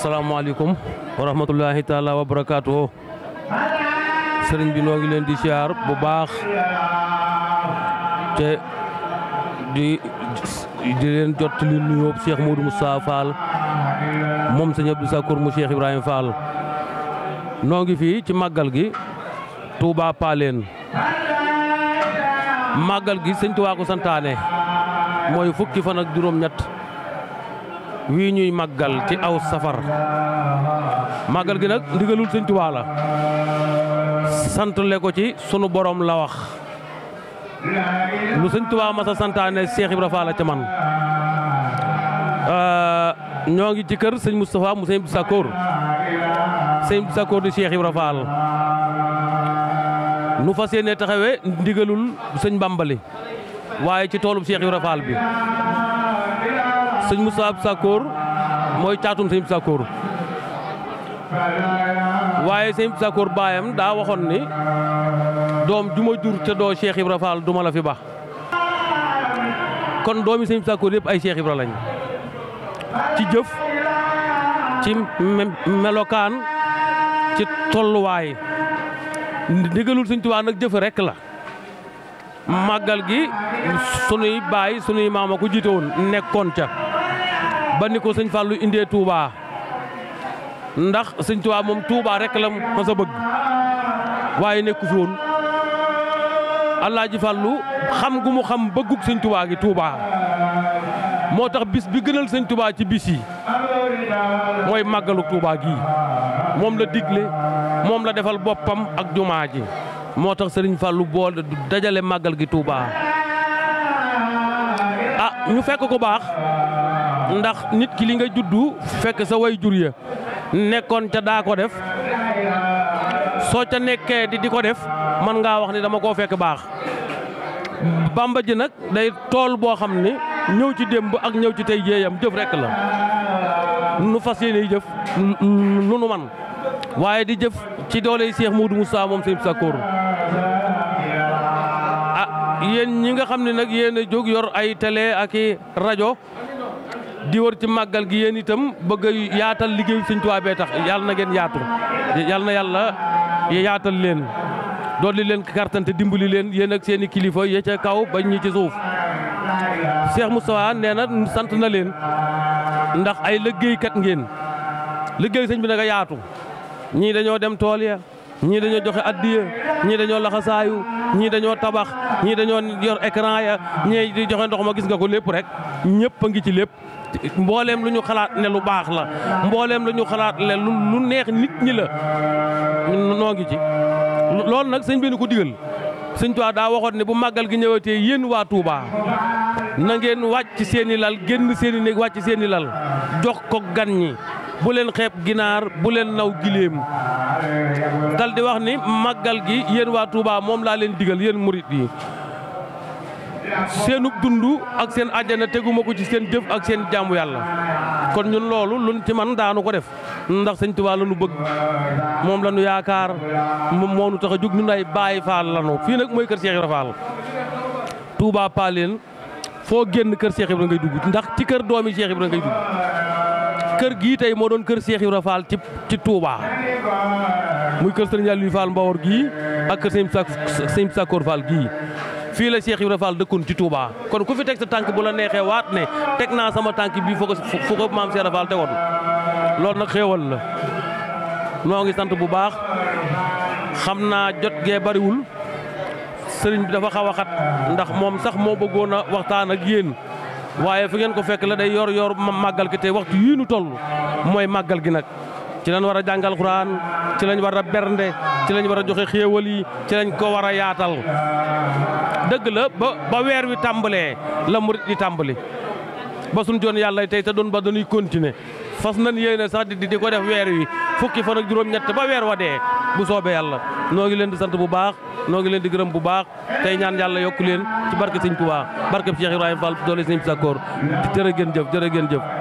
Assalamualaikum warahmatullahi taala wabarakatuh. Sering sëriñ bi noo ngi di siyaar bu baax te di di leen jot li nuyoo Cheikh Modou Moussa Fall moom sëñ Abdou Sakour paling. Cheikh Ibrahima Fall noo ngi fii ci nyat. gi Touba gi fukki fan ak durom wii ñuy màggal ci aw safar màggal gi nag ndigalul sëñ Tuubaa la sant le ko ci sunu borom la wax lu sëñ Tuubaa masa santaane Cheikh Ibra Fall ca man euh, ñoo ngi ci kër sëñ Moustapha mu sëñ Sakkoor sëñ Sakkoor di Cheikh Ibra nu fas yéene taxawee ndigalul sëñ Bambali waaye ci toolub Cheikh Ibra bi sëñ Moussa Abdou moy mooy caatum sëñ waye Sakkoor waaye bayam da waxone ni dom ju ma jur te do Cheikh Ibra Fall du ma la fi bax kon domi sëñ Abdou yeb ay Cheikh Ibra lañ ci jëf ci melokan ci way ndigalul sëñ touba nak jëf rek la magal gi sunuy bay sunuy mama ko jitewon nekkon ca ba ni ko sëñ Fallou indee Touba ndax sëñ Touba moom tuubaa rek la ma sa bëgg waaye nekku fi woon Alaaji Fallou xam gu mu xam bëggug sëñ Touba gi tuubaa moo tax bis bi gënal sëñ Touba ci bis yi mooy màggalu Touba gi moom la digle moom la defal boppam ak jumaa ji moo tax sëriñ Fallou boole dajale màggal gi Touba ah ñu fekk ko baax. ndax nit ki li nga juddu fekk sa way jur ya nekkon ca da ko def so ca nekké di di def man nga wax ni dama ko fekk bax bamba ji nak day tol bo xamni ñew ci demb ak ñew ci tay jéeyam jëf rek la nu fasiyene jëf nu nu man waye di jëf ci doole Cheikh Moudou Moussa mom sëñ sakour ah, yen ñi nga xamni nak jog yor ay télé ak radio di wër ci màggal gi yéen itam bëgg a yaatal liggéeyu Sëñ Tuubaa bee tax yàlla na ngeen yaatu yàlla na yàlla yaatal leen dolli leen kartante dimbali leen yéen ak seeni kilifa ya ca kaw bañ ñi ci suuf Cheikh Moustapha nee na sant na leen ndax ay liggéeykat ngeen liggéey sëñ bi nag a yaatu ñii dañoo dem tool ñii dañoo joxe addiya ñii dañoo laxasaayu ñii dañoo tabax ñii dañoo yor écran ya ñii di joxe ndox ma gis nga ko lépp rek ñëpp a ngi ci lépp mbooleem lu ñu xalaat ne lu baax la mbooleem lu xalaat ne lu neex nit ñi la noo ngi ci loolu nag sëñ bi ni ko digal sëñ Tuubaa daa waxoon ne bu màggal gi ñëwatee yéen waa Touba na ngeen wàcc seen i lal génn seen i néeg wàcc seen i lal jox ko gan ñi bu leen xeeb ginaar bu leen naw giléem dal di wax ni màggal gi yéen waa Touba moom laa leen digal yéen murit yi seenub dund ak seen àjjana teguma ko ci seen jëf ak seen jaamu yàlla kon ñun loolu luñ ci man daanu ko def ndax sëñ Tuubaa la bëgg moom la ñu yaakaar moom moo ñu tax a jóg ñun ay Baay Faal lanu fii nag mooy kër Cheikh Ibra Fall Touba Paleen foo génn kër Cheikh Ibra ngay dugg ndax ci kër doomi Cheikh Ibra ngay dugg kër gii tey moo doon kër Cheikh Ibra Fall ci ci Touba muy kër Serigne Aliou Fall Mbawar gii ak kër Serigne Sakor Fall gii fii la Cheikh Ibra Fall ci tuubaa kon ku fi teg sa tànk bu la neexee waat ne teg naa sama tànk bii foo ko maam Cheikh Ibra tegoon loolu nag xéewal la noo ngi sant bu baax xam naa jot gee bariwul sëriñ bi dafa xaw a xat ndax moom sax moo bëggoon a waxtaan ak yéen. waaye fu ngeen ko fekk la day yor yor màggal gi te waxtu yii nu toll mooy màggal gi nag ci lañ war a jàngal xuraan ci lañ war a bernde ci lañ war a joxe xéewal yi ci lañ ko war a yaatal dëgg la ba ba weer wi tàmbalee la murit di tàmbali ba suñ joon yàlla tey te doon ba dañuy continuer fas nañ yéene sax di di ko def weer wi fukki fan ak juróom-ñett ba weer wa dee bu soobee yàlla noo ngi leen sant bu baax noo ngi leen di gërëm bu baax tey ñaan yàlla yokk leen ci barke sëñ Tuubaa barke Cheikh Ibrahima Fall doole sëñ Sakkoor jërë ngeen jëf jërë ngeen jëf